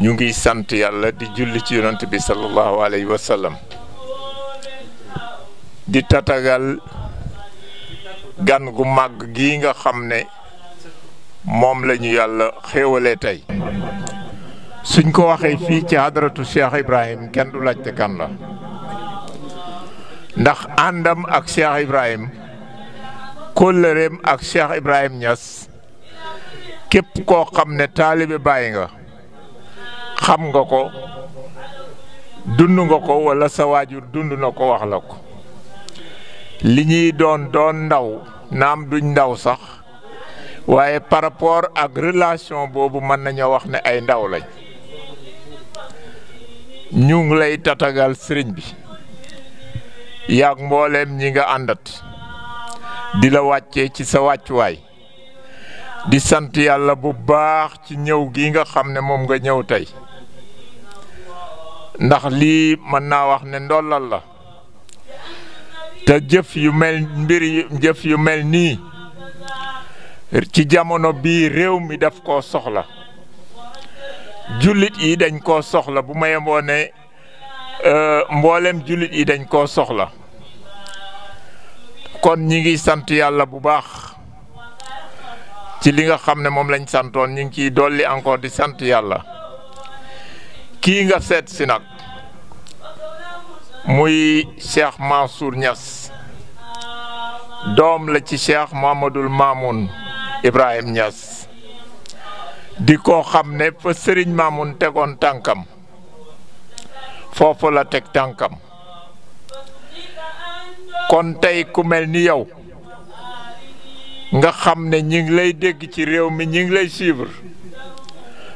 ñu ngi sant yàlla di julli ci yonant bi sallallahu alayhi wa sallam di tatagal gan gu màgg gi nga xam ne moom lañu yàlla xéewalee tey suñ ko waxee fii ci hadaratu Cheikh Ibrahim kenn du laajte kan la ndax àndam ak Cheikh Ibrahim kóllëreem ak Cheikh Ibrahim ñas képp koo xam ne taalibe bàyyi nga xam nga ko dund nga ko walla sa waajur dund na ko wax la ko li ñuy doon doon ndaw naam duñ ndaw sax waaye par rapport ak relation boobu mën nañoo wax ne ay ndaw lañ ñu ngi lay tatagal sëriñ bi yaag mbooleem ñi nga àndat di la wàccee ci sa wàccuwaay di sant yàlla bu baax ci ñëw gi nga xam ne moom nga ñëw tey ndax lii mën naa wax ne ndollal la te jëf yu mel mbir jëf yu mel nii ci jamono bii réew mi daf koo soxla jullit yi dañ koo soxla bu ma mboo ne euh, mboolem jullit yi dañ koo soxla kon ñi ngi sant yàlla bu baax ci li nga xam ne moom lañ santoon ñi ngi ciy dolli encore di sant yàlla kii nga seet si nag muy Cheikh Mansour Niass doom la ci Cheikh Mamadul Mamoun Ibrahim Niass di koo xam ne fa Serigne Mamoun tegoon tànkam foofu la teg tànkam kon tey ku mel ni yow nga xam ne ñi lay dégg ci réew mi ñi lay suivre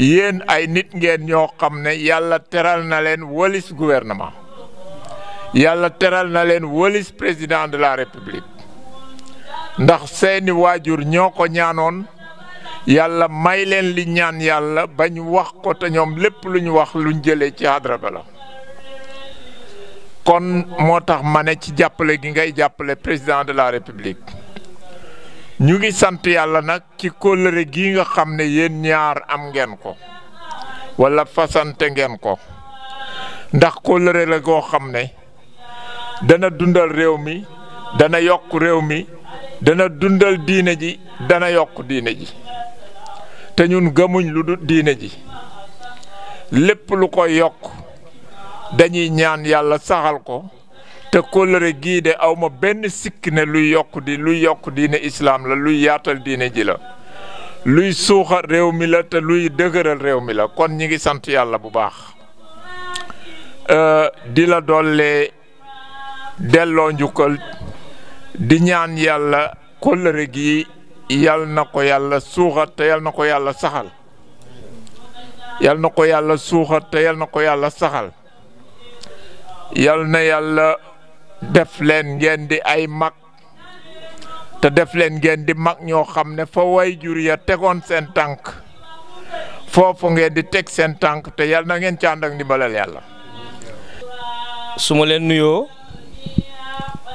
yéen ay nit ngeen ñoo xam ne yàlla teral na leen walis gouvernement yàlla teral na leen walis président de la république ndax seeni waajur ñoo ko ñaanoon yàlla may leen li ñaan yàlla ba ñu wax ko te ñoom lépp lu ñu wax luñ jëlee ci hadra ba la kon moo tax ma ne ci jàppale gi ngay jàppale président de la république ñu ngi sant yàlla nag ci kóllëre gi nga xam ne yéen ñaar am ngeen ko wala fasante ngeen ko ndax kóllëre la goo xam ne dana dundal réew mi dana yokk réew mi dana dundal diine ji dana yokk diine ji te ñun gëmuñ lu dul diine ji lépp lu ko yokk dañuy ñaan yàlla saxal ko te kóllëre gii de aw ma benn sikk ne luy yokk di luy yokk diine islaam la luy yaatal diine ji la luy suuxa réew mi la te luy dëgëral réew mi la kon ñi ngi sant yàlla bu baax di la dollee delloo njukkal di ñaan yàlla kóllëre gi yal na ko yàlla suuxa te yal na ko yàlla saxal yal na ko yàlla suuxat te yal na ko yàlla saxal yal na yàlla def leen ngeen di ay mag te def leen ngeen di mag ñoo xam ne fa way jur ya tegoon seen tànk foofu ngeen di teg seen tànk te yàlla na ngeen ci ànd ak ndimbalal yàlla. suma leen nuyoo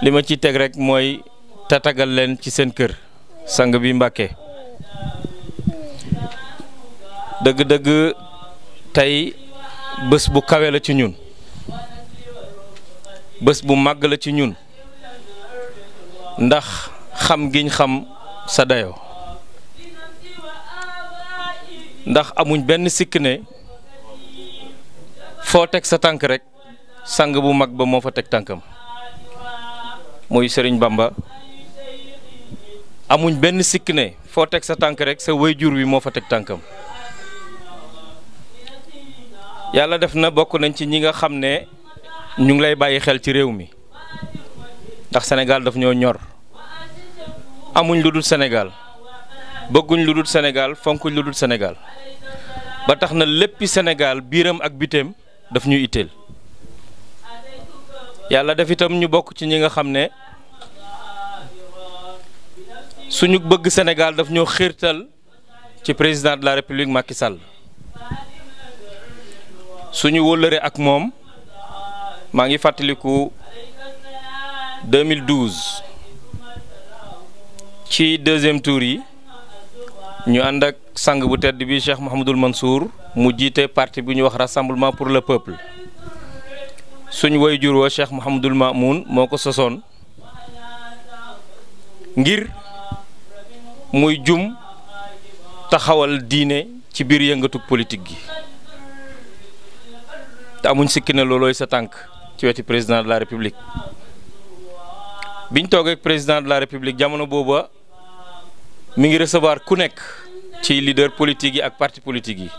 li ma ci teg rek mooy tatagal leen ci seen kër sang bi Mbàkke dëgg-dëgg tey bés bu kawe la ci ñun. bés bu màgg la ci ñun ndax xam giñ xam sa dayo ndax amuñ benn sikk ne foo teg sa tànk rek sang bu mag ba moo fa teg tànkam muy Sëriñ Bamba amuñ benn sikk ne foo teg sa tànk rek sa jur wi moo fa teg tànkam yàlla def na bokk nañ ci ñi nga xam ne ñu ngi lay bàyyi xel ci réew mi ndax Sénégal daf ñoo ñor amuñ lu dul Sénégal bëgguñ lu dul Sénégal fonkuñ lu dul Sénégal ba tax na léppi senegaal biiram ak biteem daf ñu itteel yàlla def itam ñu bokk ci ñi nga xam ne suñu bëgg Sénégal daf ñoo xiirtal ci président de la République Macky Sall suñu wóllëre ak moom. maa ngi fàttaliku 2012 ci deuxième tour yi ñu ànd ak sang bu tedd bi Cheikh Mouhamadul Mansour mu jiite parti bu ñu wax rassemblement pour le peuple suñ woy jur wa Cheikh Mouhamadul Mamoun moo ko sosoon ngir muy jum taxawal diine ci biir yëngatu politique gi te amuñ sikki ne loolooy sa tànk ci weti président de la république biñ toogee ak président de la république jamono booba mi ngi recevoir ku nekk ci lider politique yi ak parti politique yi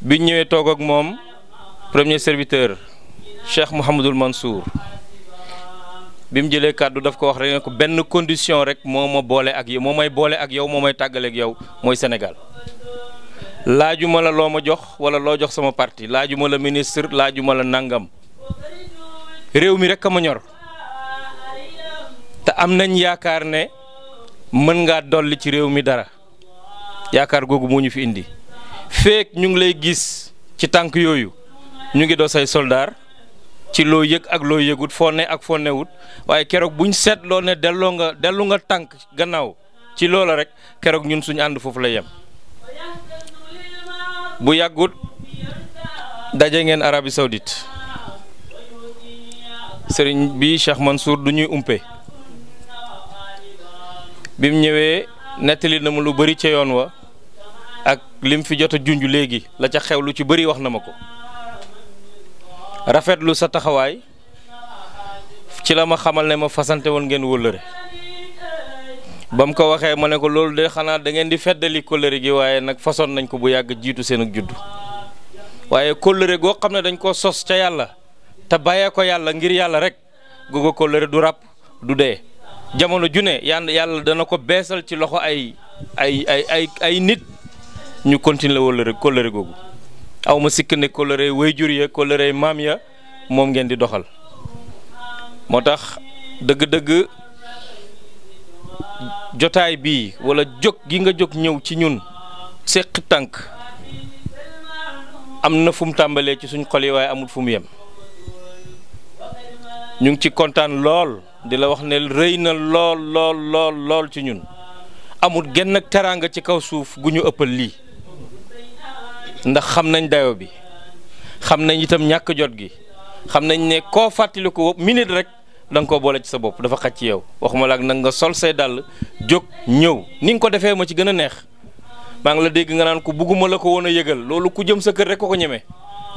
biñ ñëwee toog ak moom premier serviteur Cheikh Mouhamadul Mansour bi mu jëlee kàddu daf ko wax rek ne ko benn condition rek moo ma boole ak yow moo may boole ak yow moo may tàggaleeg yow mooy Sénégal. laajuma la loo ma jox wala loo jox sama parti laajuma la ministre laajuma la nangam réew mi rek a ma ñor te am nañ yaakaar ne mën nga dolli ci réew mi dara yaakaar googu moo ñu fi indi feek ñu ngi lay gis ci tànk yooyu ñu ngi doo say soldaar ci loo yëg ak loo yëgut foo ne ak foo newut waaye keroog buñ seetloo ne delloo nga dellu nga tànk gannaaw ci loola rek keroog ñun suñu ànd foofu la yem. bu yàggut daje ngeen Arabie Saoudite sëriñ bi Cheikh Mansour du ñuy umpe bim ñëwee nettali na ma lu bari ca yoon wa ak lim fi jot a junj léegi la ca xew lu ci bari wax na ma ko rafetlu sa taxawaay ci la ma xamal ne ma fasante woon ngeen wóllëre bam ko waxe mané ko lolou de xana da ngeen di fédali colère gi waye nak façon nañ ko bu yàgg jitu seen ak judd waye colère go xamné dañ ko sos ca yalla ta baye ko yalla ngir yalla rek gogo colère du rap du dé jamono june yalla dana ko beesal ci loxo ay ay ay ay ay nit ñu continuer wala kóllëre googu aw ma sikk colère kóllëre wayjur ya colère mam ya mom ngeen di doxal motax deug deug jotaay bii wala jóg gi nga jóg ñëw ci ñun séq tànk am na fu mu tàmbalee ci suñ xol yi waaye amul fu mu yem ñu ngi ci kontaan lool di la wax ne rëy na lool lool lool ci ñun amul genn ak ci kaw suuf gu ñu ëppal lii ndax xam nañ dayo bi xam nañ itam ñàkk jot gi xam nañ ne koo fàttaliku minit rek. da nga boole ci sa bopp dafa xaj ci yow waxuma la ak nag nga sol say dàll jóg ñëw ni nga ko defee ma ci gën a neex maa ngi la dégg nga naan ko bugguma la ko woon a yëgal loolu ku jëm sa kër rek ko ko ñemee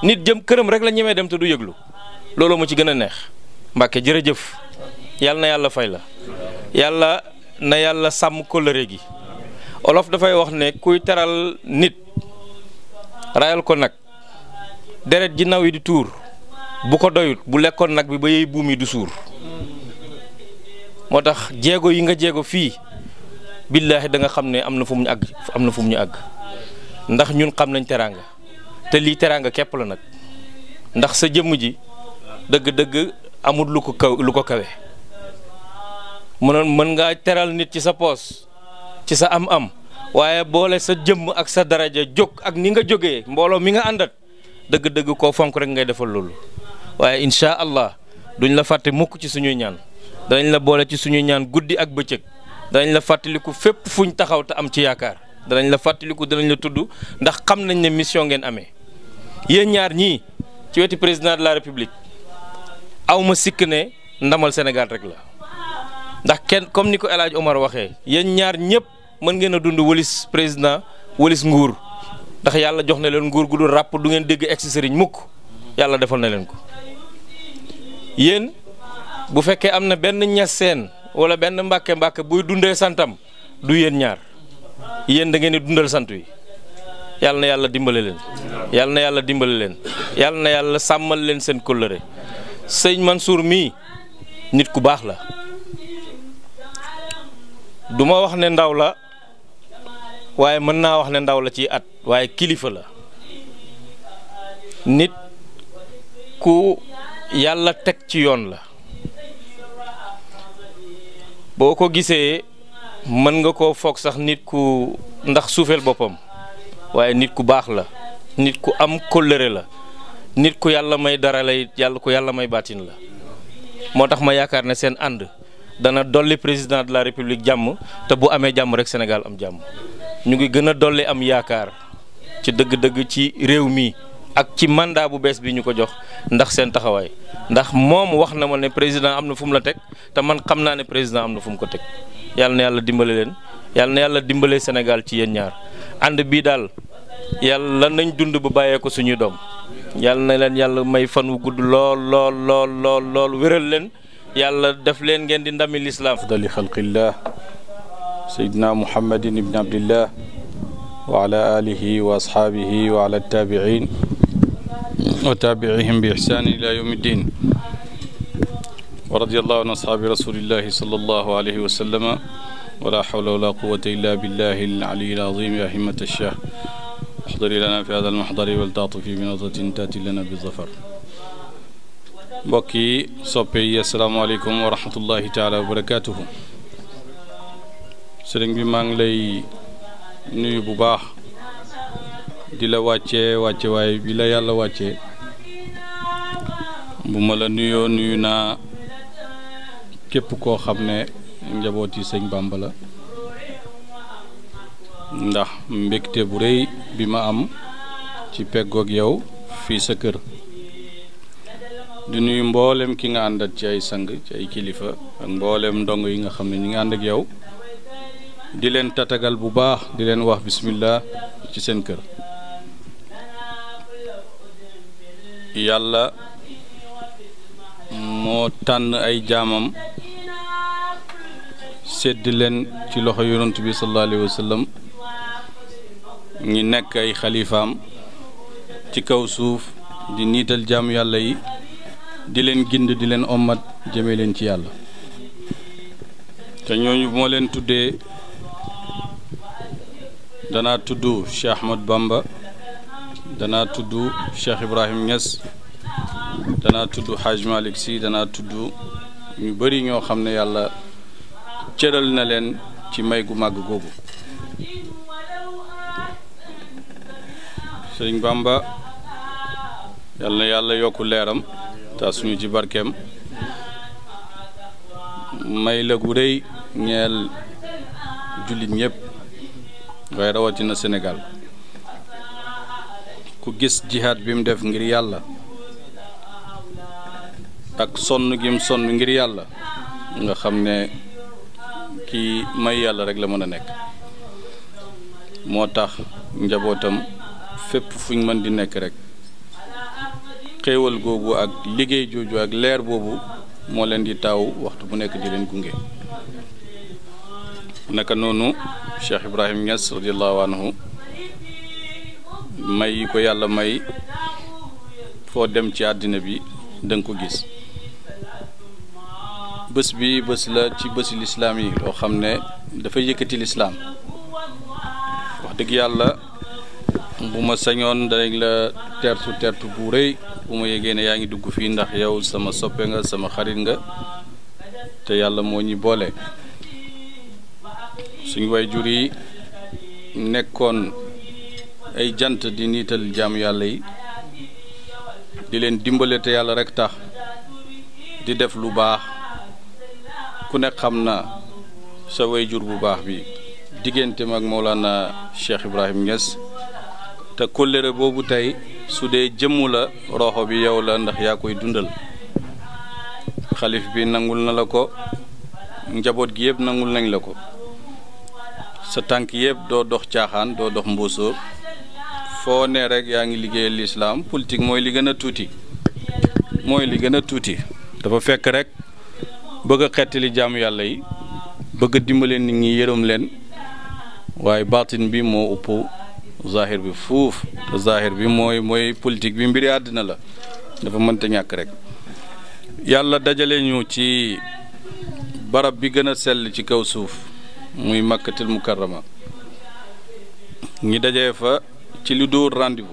nit jëm këram rek la ñemee dem te du yëglu loolu ma ci gën a neex Mbàkke jërëjëf yàlla na yàlla fay la yàlla na yàlla sàmm kóllëre gi olof dafay wax ne kuy teral nit rayal ko nag deret ji naw yi di tuur bu ko doyut bu lekkoon nag bi ba yey buum yi du suur motax tax yi nga jéego fi billahi da nga xamne amna am na fu mu ñu àgg fu mu ñu ndax ñun xam nañ teranga te li teranga kep la nak ndax sa jëm ji deug deug amul lu ko lu ko kawé mën nga teral nit ci sa pos ci sa am-am waaye boole sa jëm ak sa daraja jog ak ni nga jógee mbolo mi nga andat deug deug ko fonk rek ngay defal lool waye allah duñ la fatte mukk ci suñu ñaan. danañ la boole ci suñu ñaan guddi ak bëccëg danañ la fàttaliku fépp fuñ taxaw te am ci yaakaar danañ la fàttaliku danañ la tudd ndax xam nañ ne mission ngeen amee yéen ñaar ñii ci weti président de la république awma sikk ne ndamal Sénégal rek la ndax kenn comme ni ko El Hadj Omar waxee yéen ñaar ñëpp mën ngeen a dund walis président walis nguur ndax yàlla jox na leen nguur gu dul ràpp du ngeen dégg ex sëriñ mukk yàlla defal na leen ko bu fekkee am na benn ñes seen wala benn mbàkke mbàkke buy dundee santam du yéen ñaar yéen da ngeen di dundal sant wi yàlla na yàlla dimbali leen yàlla na yàlla dimbale leen yàlla na yàlla sàmmal leen seen kóllëre sëñ man suur mii nit ku baax la duma wax ne ndaw la waaye mën naa wax ne ndaw la ci at waaye kilifa la nit ku yàlla teg ci yoon la boo ko gisee mën nga koo foog sax nit ku ndax suufeel boppam waaye nit ku baax la nit ku am kóllëre la nit ku yàlla may dara lay yàlla ku yàlla may baatin la moo tax ma yaakaar ne seen ànd dana dolli président de la république jàmm te bu amee jàmm rek Sénégal am jàmm ñu ngi gën a dolli am yaakaar ci dëgg-dëgg ci réew mi. ak ci mandat bu bees bi ñu ko jox ndax seen taxawaay ndax moom wax na ma ne président am na fu la teg te man xam naa ne président am na fu mu ko teg yàlla na yàlla dimbale leen yàlla na yàlla dimbale Sénégal ci yéen ñaar ànd bii daal yàlla nañ dund bu bàyyee ko suñuy doom yàlla na leen yàlla may fan wu gudd lool lool lool lool lool wéral leen yàlla def leen ngeen di ndami lislaam afdali xalqillah sayidna muhammadin ibni abdillah wa ala alihi wa ashaabihi wa ala taabiin وتابعهم بإحسان إلى يوم الدين ورضي الله عن أصحاب رسول الله صلى الله عليه وسلم ولا حول ولا قوة إلا بالله العلي العظيم يا همة الشاه احضر لنا في هذا المحضر في بنظرة تأتي لنا بالظفر بكي صبي السلام عليكم ورحمة الله تعالى وبركاته سلم بمان لي نيو بباح di la wàcce waay bi la yàlla wàcce bu ma la nuyoo nuyu naa képp koo xam ne njaboot yi sëñ la ndax mbégte bu rëy bi ma am ci peggoog yow fii sa kër di nuyu mboolem ki nga àndak ci ay sang ci ay kilifa ak mboolem ndongo yi nga xam ne ñi nga àndak ak yow di leen tatagal bu baax di leen wax bismillah ci seen kër yàlla moo tànn ay jaamam sedd leen ci loxo yonent bi sallallahu alayhi wa sallam ñi nekk ay xalifaam ci kaw suuf di niital jaam yàlla yi di leen gind di leen ommat jëme leen ci yàlla te ñooñu moo leen tuddee dana tudd Cheikh Ahmad Bamba danaa tudd Cheikh Ibrahim Niass danaa tudd Hadj Malick si danaa tudd ñu bari ñoo xam ne yàlla cëral na leen ci may gu màgg googu sëriñ bàmba yàlla yàlla yokk leeram ta suñu ci barkeem may la gu rëy ñeel jullit ñëpp waaye rawatina Sénégal ku gis jihaad bi mu def ngir yàlla ak sonn gi mu sonn ngir yàlla nga xam ne kii may yàlla rek la mën a nekk moo tax njabootam fépp fuñ mën di nekk rek xéewal googu ak liggéey jooju ak leer boobu moo leen di taw waxtu bu nekk di leen gunge naka noonu Cheikh Ibrahim Niass radiyallahu anhu may yi ko yàlla may foo dem ci àddina bi danga ko gis bés bi bés la ci bési lislaam yi loo xam ne dafa yëkkati lislaam wax dëgg yàlla bu ma sañoon danañ la tertu tertu bu rëy bu ma yégee yaa ngi dugg fii ndax yow sama soppe nga sama xarit nga te yàlla moo ñi boole suñu way jur nekkoon ay jant di niital jaam yàlla yi di leen dimbale te yàlla rekk tax di def lu baax ku nekk xam na sa wayjur bu baax bi diggante mag Mawlana Cheikh Ibrahim Niass te kóllëre boobu tey su dee jëmmu la roxo bi yow la ndax yaa koy dundal xalif bi nangul na la ko njaboot gi yëpp nangul nañ la ko sa tànk yépp doo dox caaxaan doo dox mbóosóor foo ne rek yaa ngi liggéeyal lislaam politique mooy li gën a tuuti mooy li gën a tuuti dafa fekk rek bëgg a jaam jaamu yàlla yi bëgg a dimbale nit ñi yërëm leen waaye baatin bi moo ëpp zahir bi fuuf te zahir bi mooy mooy politique bi mbiri àddina la dafa mënta ñàkk rek yàlla dajale ñu ci barab bi gën a sell ci kaw suuf muy màkkatil mukarrama ñi dajee fa ci lu dóor rendez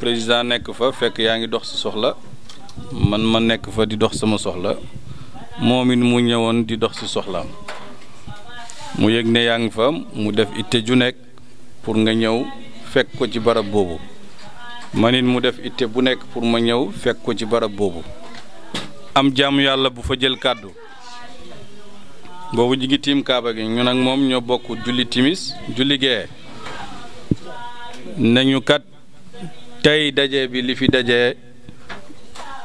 président nekk fa fekk yaa ngi dox sa soxla man ma nekk fa di dox sama soxla moom it mu ñëwoon di dox si soxlaam mu yëg ne yaa fa mu def itte ju nekk pour nga ñëw fekk ko ci barab boobu man mu def itte bu nekk pour ma ñëw fekk ko ci barab boobu am jaamu yàlla bu fa jël kàddu boobu ji ngi tiim kaaba gi ñu nag moom ñoo bokk julli timis julli gee nañu kat tey daje bi li fi daje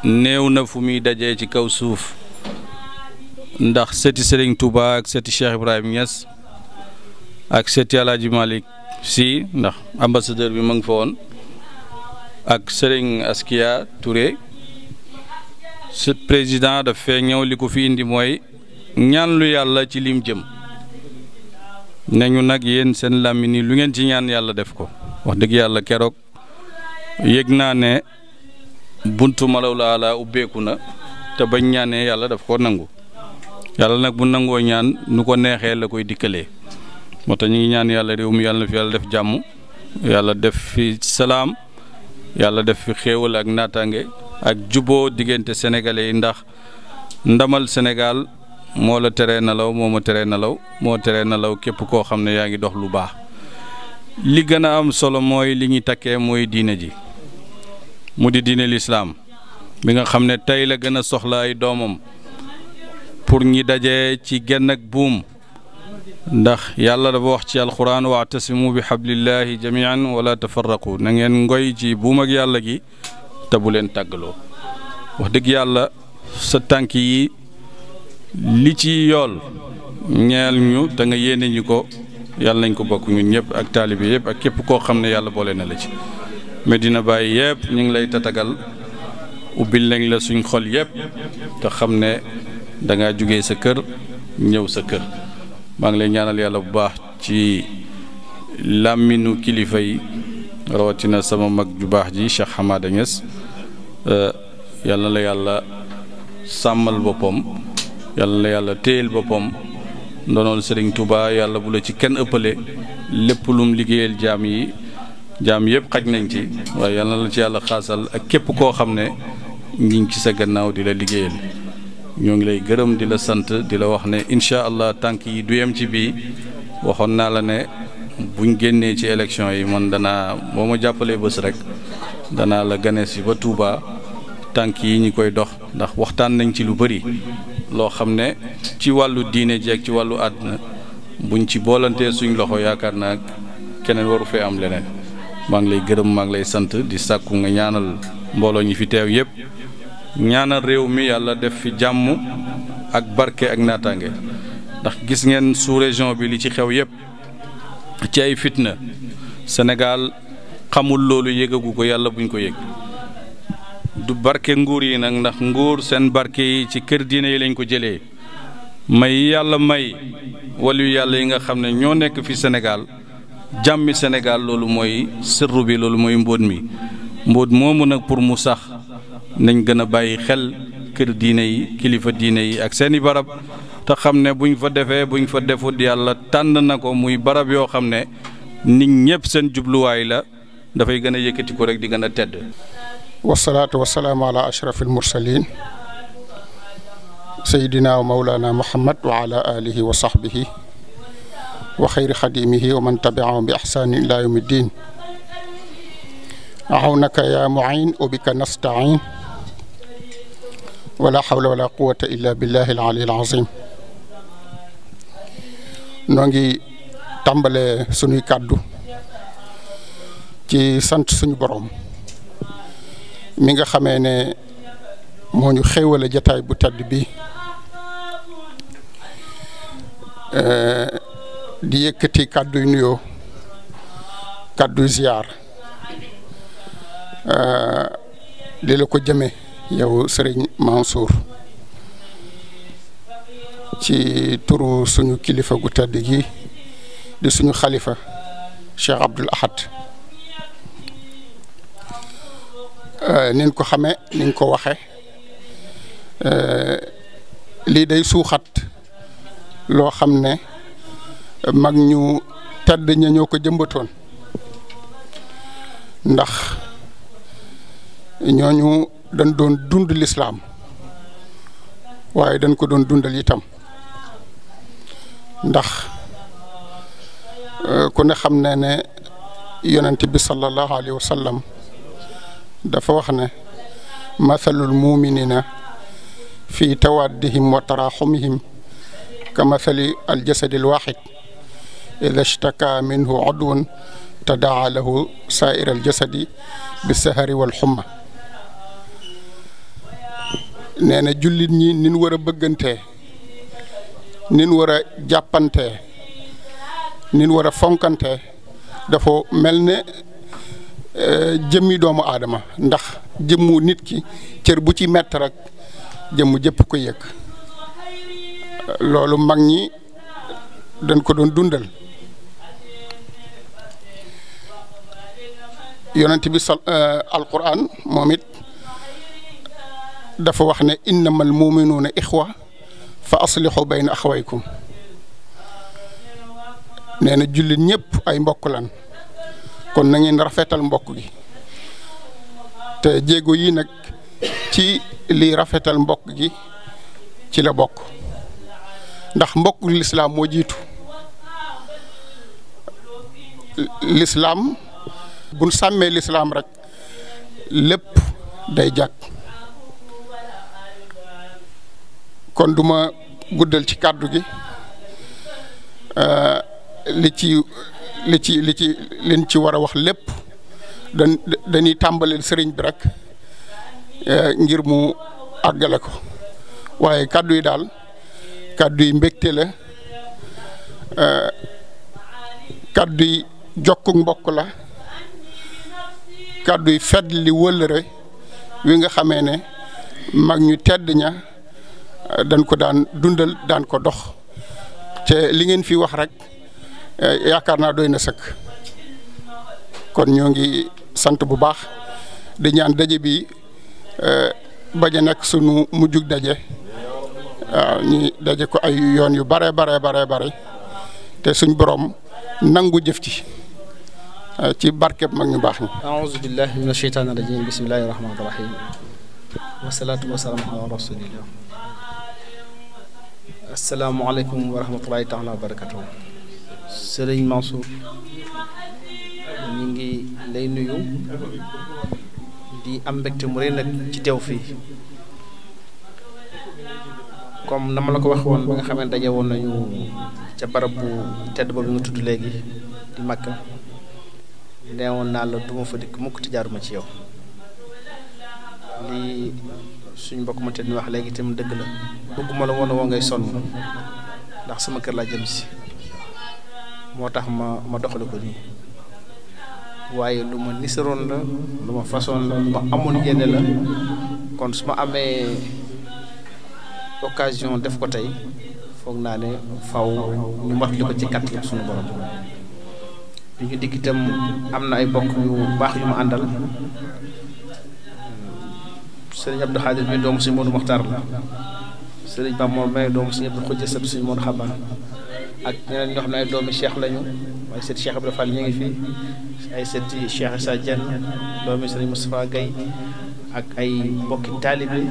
néew na fu muy daje ci kaw suuf ndax sëti sëriñ Touba ak sëti Cheikh Ibrahim Niass ak sëti Alaaji Malick si ndax ambassadeur bi mu ngi fa woon ak sëriñ Askia ture ce président daf fee ñëw li ko fi indi mooy ñaan lu yàlla ci lim jëm nañu nag yéen seen làmmiñ ni lu ngeen ci ñaan yàlla def ko wax dëgg yàlla keroog yëg naa ne buntu malaw laala ubbeeku na te bañ ñaanee yàlla daf ko nangu yàlla nag bu nangoo ñaan nu ko neexee la koy dikkalee moo tax ñu ngi ñaan yàlla réew mi yàlla na fi yàlla def jàmm yàlla def fi salaam yàlla def fi xéewal ak naataange ak juboo diggante sénégalais yi ndax ndamal Sénégal moo la teree nalaw moo ma teree nalaw moo teree nalaw képp koo xam ne yaa ngi dox lu baax. li gën a am solo mooy li ñuy takkee mooy diine ji mu di diine lislaam bi nga xam ne tey la gën a soxla ay doomam pour ñi daje ci genn ak buum ndax yàlla dafa wax ci alxuraan alquran waatasimu bi xablillahi jamian wala tafarraqu na nangeen ngoy ci buum ak yàlla gi te bu leen tàggaloo wax dëgg yàlla sa tànk yi li ci yool ñeel ñu te nga yéene ñu ko yàlla nañ ko bokk ñun ñëpp ak taalibe yëpp ak képp koo xam ne yàlla boole na la ci Medina bàyyi yëpp ñu ngi lay tatagal ubbil lañ la suñ xol yëpp te xam ne da ngaa jóge sa kër ñëw sa kër maa ngi lay ñaanal yàlla bu baax ci làmminu kilifa yi rawatina sama mag ju baax ji Cheikh Hamada Niass yàlla la yàlla sàmmal boppam yàlla la yàlla téel boppam ndonool Serigne Touba yàlla bu la ci kenn ëppale lépp lum liggéeyal jaam yi jaam yëpp xaj nañ ci waaye yàlla la ci yàlla xaasal ak képp koo xam ne ñu ci sa gannaaw di la liggéeyal ñoo ngi lay gërëm di la sant di la wax ne incha allah tànk yi du yem ci bii waxoon naa la ne buñ génnee ci élection yi man danaa boo ma jàppalee bés rek danaa la gane si ba Touba tànk yi ñu koy dox ndax waxtaan nañ ci lu bëri loo xam ne ci wàllu diine jeeg ci wàllu àdduna buñ ci boolantee suñu loxo yaakaar naa keneen waru fee am leneen maa ngi lay gërëm maa lay sant di sàkku nga ñaanal mbooloo ñi fi teew yépp ñaanal réew mi yàlla def fi jàmm ak barke ak naataange ndax gis ngeen sous région bi li ci xew yépp ci ay fitna Sénégal xamul loolu yégagu ko yàlla buñ ko yëg du barke nguur yi nag ndax nguur seen barke yi ci kër diine yi lañ ko jëlee may yàlla may waliyu yàlla yi nga xam ne ñoo nekk fi Sénégal jàmmi Sénégal loolu mooy sërru bi loolu mooy mbóot mi mbóot moomu nag pour mu sax nañ gën a bàyyi xel kër diine yi kilifa diine yi ak seeni barab te xam ne buñ fa defee buñ fa defut yàlla tànn na ko muy barab yoo xam ne nit ñëpp seen jubluwaay la dafay gën a yëkkati ko rek di gën a tedd والصلاة والسلام على أشرف المرسلين سيدنا ومولانا محمد وعلى آله وصحبه وخير خديمه ومن تبعهم بإحسان إلى يوم الدين أعونك يا معين وبك نستعين ولا حول ولا قوة إلا بالله العلي العظيم نوغي تمبل سني كادو كي سنت سني mi nga xamee ne moo ñu xéewale jataay bu tedd bi eh, di yëkkati kàdduy nuyoo kàdduy ziar eh, di la ko jëme yow Serigne Mansour ci turu suñu kilifa gu tedd gi di suñu xalifa Cheikh Abdoul Ahad Euh, nin ko xamee ni ko waxe euh, lii day suuxat loo xam ne mag ñu tedd ña ñoo ko jëmbatoon ndax ñooñu dañ doon dund lislaam waaye dañ ko doon dundal itam ndax euh, ku ne xam ne ne yonent bi sallallahu alayhi wa sallam dafa wax ne masalul muminina fi tawaddihim wa taraxumihim ka masali aljasadil waxid ida shtaka minhu udwun tadaa lahu saa'ir aljasadi bisahari walxumma nee na jullit ñi nin war a bëggantee nin war a jàppantee nin war a fonkantee dafa mel ne jëmmi doomu aadama ndax jëmmu nit ki cër bu ci mett rek jëmm jëpp ko yëg loolu mag ñi dañ ko doon dundal yonent bi sal euh, alquran moom it dafa wax ne innamal muminuuna ixwa fa aslixu bayna axwaykum nee na jullit ñépp ay mbokk lan kon na rafetal mbokk gi te jéego yi nag ci li rafetal mbokk gi ci la bokk ndax mbokk lislaam moo jiitu lislaam buñ sàmmee lislaam rek lépp day jàkk kon duma guddal ci kàddu gi li ci li ci li ci liñ ci war a wax lépp dañ dañuy tàmbaleel sëriñ bi rek eh, ngir mu àggale ko waaye kàddu yi daal kàddu yi mbégte la eh, kàddu yi jokku mbokk la kàddu yi fedd li wëllëre wi nga xamee ne mag ñu tedd ña eh, dañ ko daan dundal daan ko dox te li ngeen fi wax rekk Eh, yakarna naa doy na sëkk kon ñoo ngi sant bu baax di ñaan dajje bi eh, bañ a nekk sunu mujjug dajje waaw ah, ñuy daje ko ay yoon yu bare bare bare bare te suñu borom nangu jëf ci eh, ci barkeb mag ñu baax ñi aouzu billahi minash shaitani rajim bismillahir rahmanir rahim wa salatu wassalamu ala rasulillah asalaamaaleykum wa rahmatullahi taala wa barakatuh sëriñ Mansour ñu ngi lay nuyu di am mbégte mu rëy nag ci teew fii comme na ma la ko wax woon ba nga xam ne woon nañu ca barab bu tedd boobu nga tudd léegi di Makka woon naa la duma fa dikk mukk te jaaruma ci yow lii suñ mbokk ma te ni wax léegi itam dëgg la bëgguma la woon woo ngay sonn ndax sama kër laa jëm si moo tax ma ma doxale ko nii waaye lu ma nisaroon la lu ma façon la lu ma amoon yéene la kon su ma amee occasion def ko tey foog naa ne faw ñu mottali ko ci kàttan suñu borom bi ñu dikk itam am na ay bokk yu baax yu ma àndal sëriñ Abdou Xaadir bi doomu suñu Moodu Moxtaar la sëriñ Bamor may doomu suñu Abdou Xujja sab suñu Moodu Xabaan ak ñeneen ñoo xam ne ay doomi cheikh lañu ay seet cheikh Ibrahima Fall ñu fi ay seeti cheikh Issa Dieng doomi sëriñ Moustapha Gaye ak ay mbokki taalibe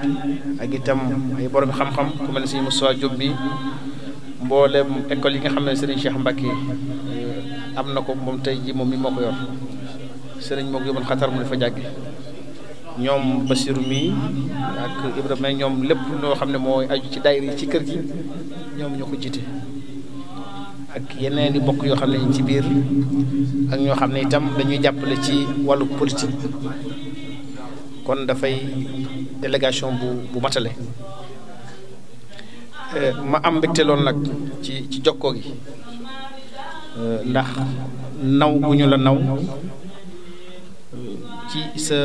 ak itam ay borom xam-xam ku mel ne sëriñ Moustapha Diop bi mboolem école yi nga xam ne sëriñ Cheikh Mbacke eh, am na ko moom tey jii moom mi moo ko yor sëriñ moo ko yóbbu xatar mu dafa jàgge ñoom Basiru mi ak Ibrahima ñoom lépp loo xam ne mooy aju ci daayira yi ci kër gi ñoom ñoo ko jiite ak yeneen i bokk yoo xam ne ñu ci biir ak ñoo xam ne itam dañuy jàppale ci wàllu politique kon dafay délégation bu bu matale euh, ma am mbégte nag ci ci jokkoo gi euh, ndax naw gu ñu la naw euh, ci sa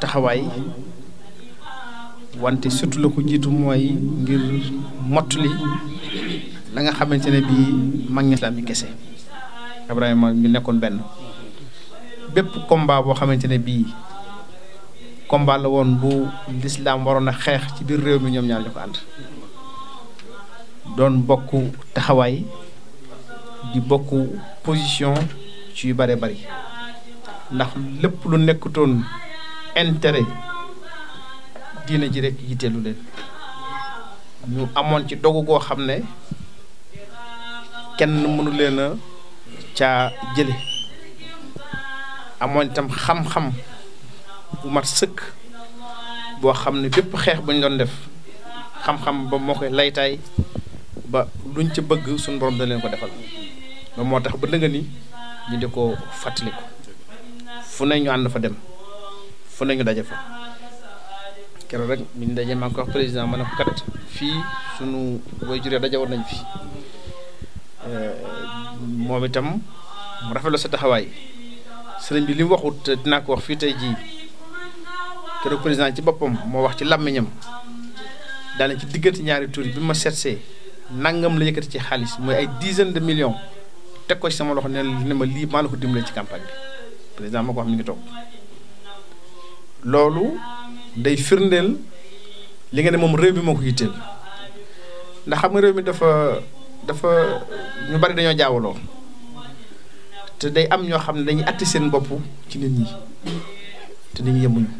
taxawaay wante surtout la ko jiitu mooy ngir mottali la nga xamante ne bii mag ñi mi kese Ibrahima mi nekkoon benn bépp combat boo xamante ne bii combat la woon bu lislaam waroon a xeex ci biir réew mi ñoom ñaar ñu ko ànd doon bokk taxawaay di bokk position ci yu bare bari ndax lépp lu nekkutoon intérêt diine ji rek yitteelu leen ñu amoon ci dogu goo xam ne kenn mënu leena ca jëlé jële tam xam-xam bu mat sëkk bo xamni ne xex buñ doon def xam-xam ba moo koy laytaay ba luñ ci bëgg suñ borom da leen ko defal moom motax ba ni ñu di ko ko fu ne ñu and fa dem fu ne ñu daje fa kéro rek ñu daje ma ko président man ko kat ya fi sunu way juree daje nañ fi Euh, moom itam mu rafetlu sa taxawaay sëriñ bi li mu waxut dinaa ko wax fii tey jii keroog président ci boppam moo wax ci làmmiñam daane ci diggante ñaari tur bi ma seetsee nangam la yëkkati ci xaalis mooy ay dizaine de million teg ko ci sama loxo ne ne ma lii maa la ko dimbalee ci campagne bi président ma ko wax mi ngi toog loolu day firndeel li nga moom réew mi moo ko yitteel ndax xam nga réew mi dafa. dafa ñu bari dañoo jaawaloo te day am ñoo xam ne dañuy atti seen bopp ci nit ñi te nit ñi yemuñu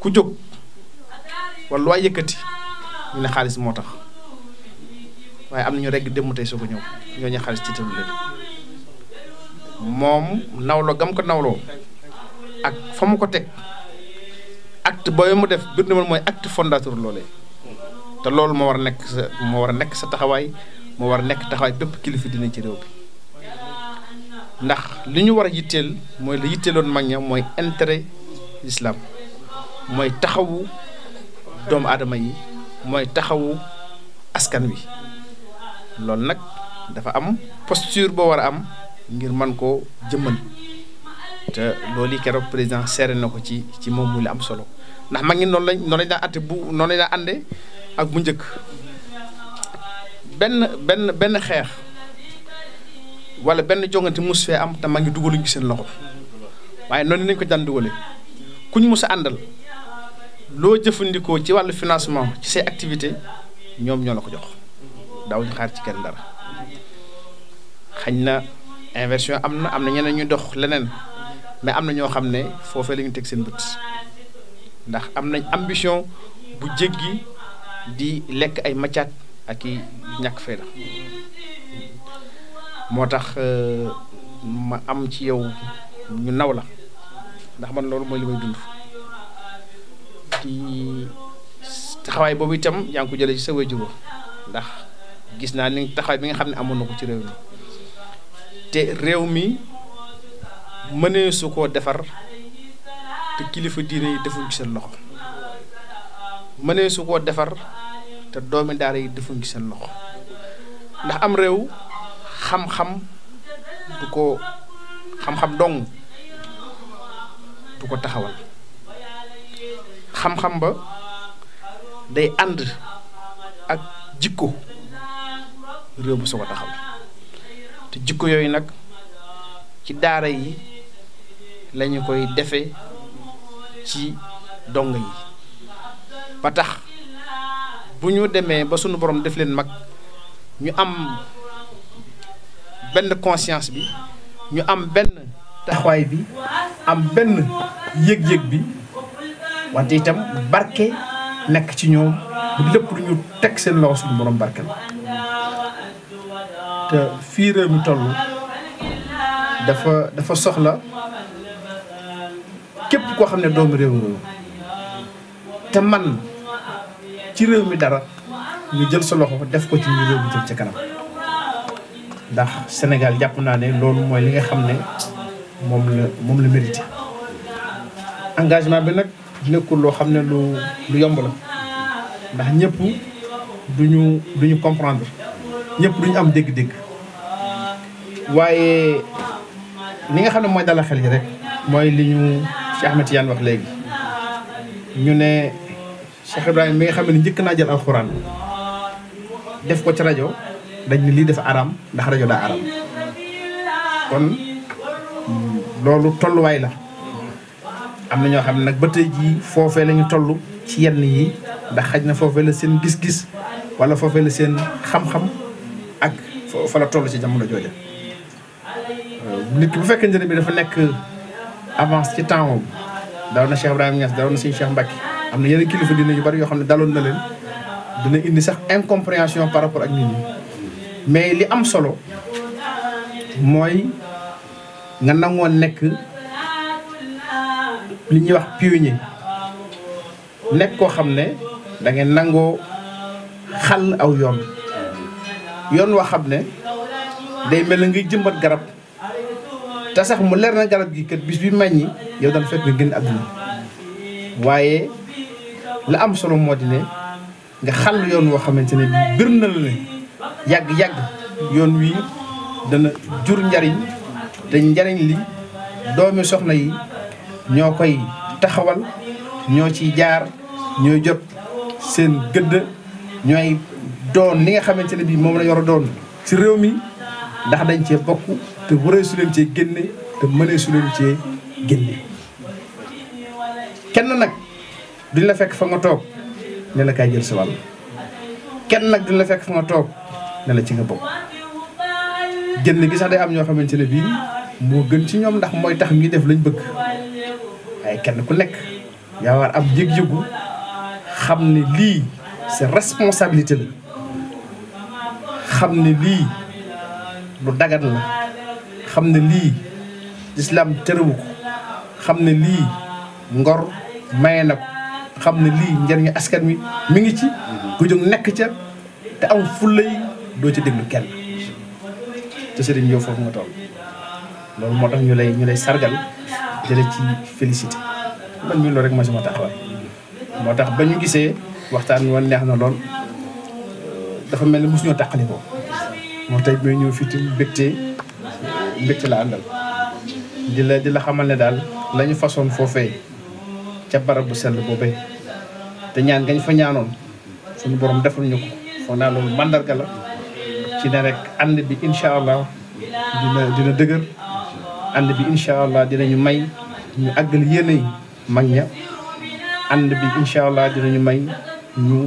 ku jóg wala lu waay yëkkati ñu ne xaalis moo tax waaye am na ñu rekk démb tey soo ko ñëw ñooñu xaalis ci tëdd leen moom nawloo gam ko nawloo ak fa mu ko teg att acte booy mu def bir na mooy att fondateur loole te loolu moo war a nekk sa moo war a nekk sa taxawaay moo war a nekk taxawaay bépp kilifa dinañ ci réew bi ndax li ñu war a yitteel mooy la yitteeloon mag ña mooy intérêt lislaam mooy taxawu doomu aadama yi mooy taxawu askan wi loolu nag dafa am posture boo war a am ngir man koo jëmmal te loolu yi keroog président seere na ko ci ci moom mu la am solo ndax mag ñi noonu lañ noonu lañ daan àtte bu noonu lañ daan àndee ak bu njëkk benn benn benn xeex wala benn jongante mus fee am te maa ngi dugaluñ ci seen loxo waaye noonu nañ ko daan dugale ñu mus a àndal loo jëfandikoo ci wàllu financement ci seen activité ñoom ñoo la ko jox daawuñu xaar ci kenn dara xañ na inversion am na am na ñeneen ñu dox leneen mais am na ñoo xam ne foofee la teg seen bët ndax am nañ ambition bu jéggi di lekk ay maccaat ak i ñàkk fayda moo tax euh, ma am ci yow ñu naw la ndax man loolu mooy li may dund di taxawaay boobu itam yaa ngi ko jëlee ci sa wéjur ndax gis naa ni taxawaay bi nga xam ne amoon na ko ci réew mi te réew mi mënee su koo defar te kilifa diine yi deful ci seen loxo mënee su koo defar te doomi daara yi defuñ ci seen loxo ndax am réew xam-xam du ko xam-xam dong du ko taxawal xam-xam ba day ànd ak jikko réew bu soo ko taxaw te jikko yooyu nag ci daara yi lañu koy defe ci dong yi ba tax bu ñu demee ba sunu borom def leen mag ñu am benn conscience bi ñu am benn taxawaay bi am benn yëg-yëg bi wante itam barke nekk ci ñoom bu lépp ñu teg seen loxo suñu boroom barke la te fii réew mi toll dafa dafa soxla képp koo xam ne doomu réew mi te man ci réew mi dara ñu jël sa loxo def ko ci ñu réew mi jëm ci kanam ndax Sénégal jàpp naa ne loolu mooy li nga xam ne moom la moom engagement bi nag nekkul loo xam ne lu lu yomb la ndax ñëpp duñu duñu comprendre ñëpp duñu am dégg-dégg waaye li nga xam ne mooy dala xel yi rek mooy li ñu Cheikh Ahmed Tidiane wax léegi ñu ne Cheikh ibrahim mi nga xam ne njëkk naa jël alxuraan def ko ci rajo dañ ni lii def aram ndax rajo daa aram kon loolu tolluwaay la am na ñoo xam ne nag ba tey jii foofee la ñu toll ci yenn yi ndax xaj na foofee la seen gis-gis wala foofee la seen xam-xam ak fa la toll ci jamono jooja nit ki bu fekkee njëriñ bi dafa nekk avance ci temps daw na Cheikh ibrahim Niass daw na suñu Cheikh Mbacke am na yeneen kilifa dina yu bari yoo xam ne daloon na leen dina indi sax incompréhension par rapport ak nit ñi mais li am solo mooy nga nangoo nekk li ñuy wax pionier nekk koo xam ne da ngeen nangoo xal aw yoon yoon waa xam ne day mel na ngay jëmbat garab te sax mu leer na garab gi kat bis bi meññi yow daan fekk nga génn àdduna waaye la am solo moo di ne nga xal yoon woo xamante ne bir na la ne yàgg-yàgg yoon wi dana jur njariñ te njariñ li doomi soxna yi ñoo koy taxawal ñoo ciy jaar ñooy jot seen gëdd ñooy doon li nga xamante ne bii moom la yor a doon ci réew mi ndax dañ cee bokk te waree su cee génne te mënee su leen cee génne kenn nag duñ la fekk fa nga toog ne la kaay jël sa wàll kenn nag duñ la fekk fa nga toog ne la ci nga bokk jënd gi sax day am ñoo xamante ne bii moo gën ci ñoom ndax mooy tax ngi def lañu bëgg waaye kenn ku nekk yaa war am yëg-yëgu xam ne lii sa responsabilité la xam ne lii lu dagat la xam ne lii lislaam tërëwu xam ne lii ngor maye nag xam ne lii njëriñu askan wi mu ngi ci ku nekk ca te am fullay doo ci déglu kenn te sëriñ yow foofu nga toll loolu moo tax ñu lay ñu lay sargal jële ci félicité man mii loolu rek ma sama taxawaay moo tax ba ñu gisee waxtaan woon neex na lool dafa mel ni mosuñoo tàqali ko moo tey may ñëw fii tamit mbégte mbégte la àndal di la di la xamal ne daal lañu ñu foo foofee ca barab bu sell boobee te ñaan gañ fa ñaanon suñu borom defal ñuko ko foog naa loolu mandarga ci na rek and bi inshallah dina dina dëgër and bi inshallah dina ñu may ñu aggal yene yi mag ña bi inshallah dina ñu may ñu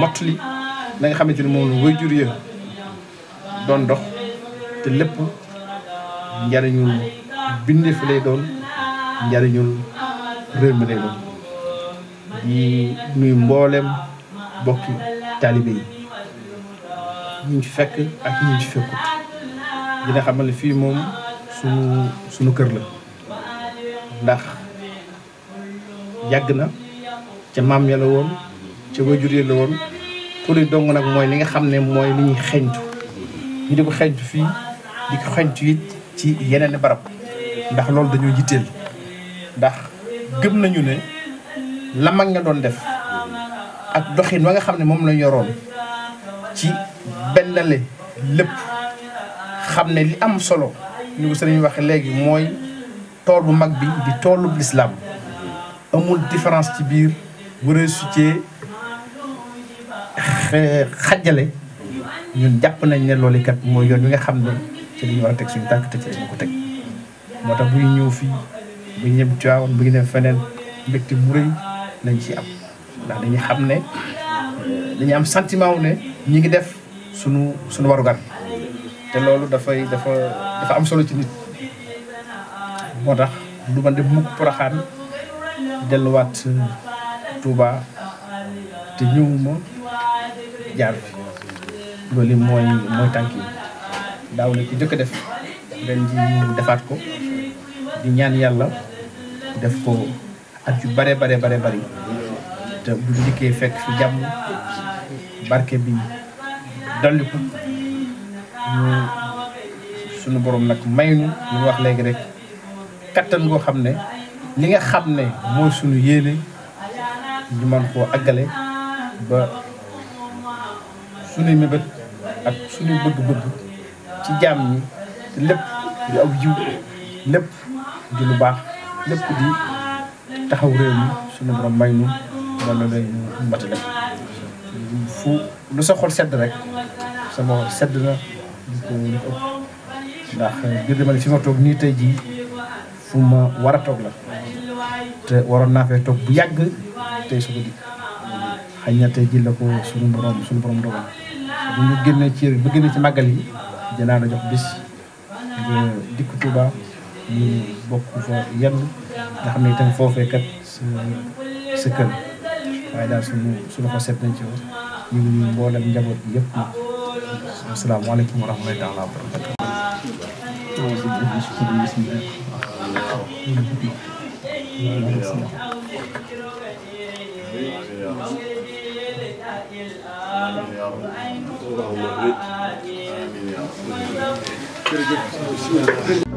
matli na nga xamanteni mo moom la waajur ya doon dox te lépp njariñul bindeef lay doon yërmande la di nuyu mboolem bokki taalibe yi ñu ci fekk ak ñu ci fekkut dina xamal ne fii moom sunu sunu kër la ndax yàgg na ca maam ya la woon ca wajur ya la woon pour yi dong nag mooy li nga xam ne mooy li ñuy xeñtu ñu di ko xeñtu fii di ko xeñtu ci yeneen barab ndax loolu dañoo yitteel ndax gëm nañu ne la mag nga doon def ak doxin wa nga xam ne moom la yoroon ci benn le lépp xam ne li am solo ñu ko sëriñ waxe léegi mooy tool bu mag bi di toolub lislaam amul difference ci biir wëree su xajale ñun jàpp nañ ne loolu kat mooy yoon wi nga xam ne ci li ñu war a teg suñu tànk te ci lañ ko teg moo tax buy ñëw fii bu ñëpp jaawon bu ñu dem feneen mbégte bu rëy lañ ci am ndax dañu xam ne eh, dañu am sentiment wu ne ñi ngi def sunu sunu gan te loolu dafay dafa dafa am solo ci nit moo tax du ma dem mukk Porokhane delluwaat Touba te ñëwuma jaar loolu mooy mooy tànk yi daaw la ko jëkk def ren ji defaat ko di ñaan yàlla def ko at yu bare bare bare bare te bu dikkee fekk fi jamm barké bi dolli ko ñu sunu borom nak maynu ñu wax légui rek katan go xamné li nga xamné mo mooy sunu yéene ñu man ko agalé ba mi mébét ak sunuy bëgg-bëgg ci jamm ñi lepp yu aw jiw di lu baax lépp di taxaw réew mi suñu borom may nu wala day matale fu lu sa xol sedd rek sama xol sedd na di ko di ko ëpp ndax biir eh, dama ne fi ma toog nii tey jii fu ma war a toog la te waroon naa fee toog bu yàgg tey su dikk xëy na tey jii la ko suñu borom suñu borom dogal bu ñu génnee ci ba génnee ci màggal yi dinaa la jox bis nga dikk Tuubaa ñu bokk fa yem nga xam ne itam foofee kat sa sa kër waaye daal suñu suñu ko seet nañ ci ñu ngi mboolem njaboot yëpp asalaamaaleykum wa wa barakatuh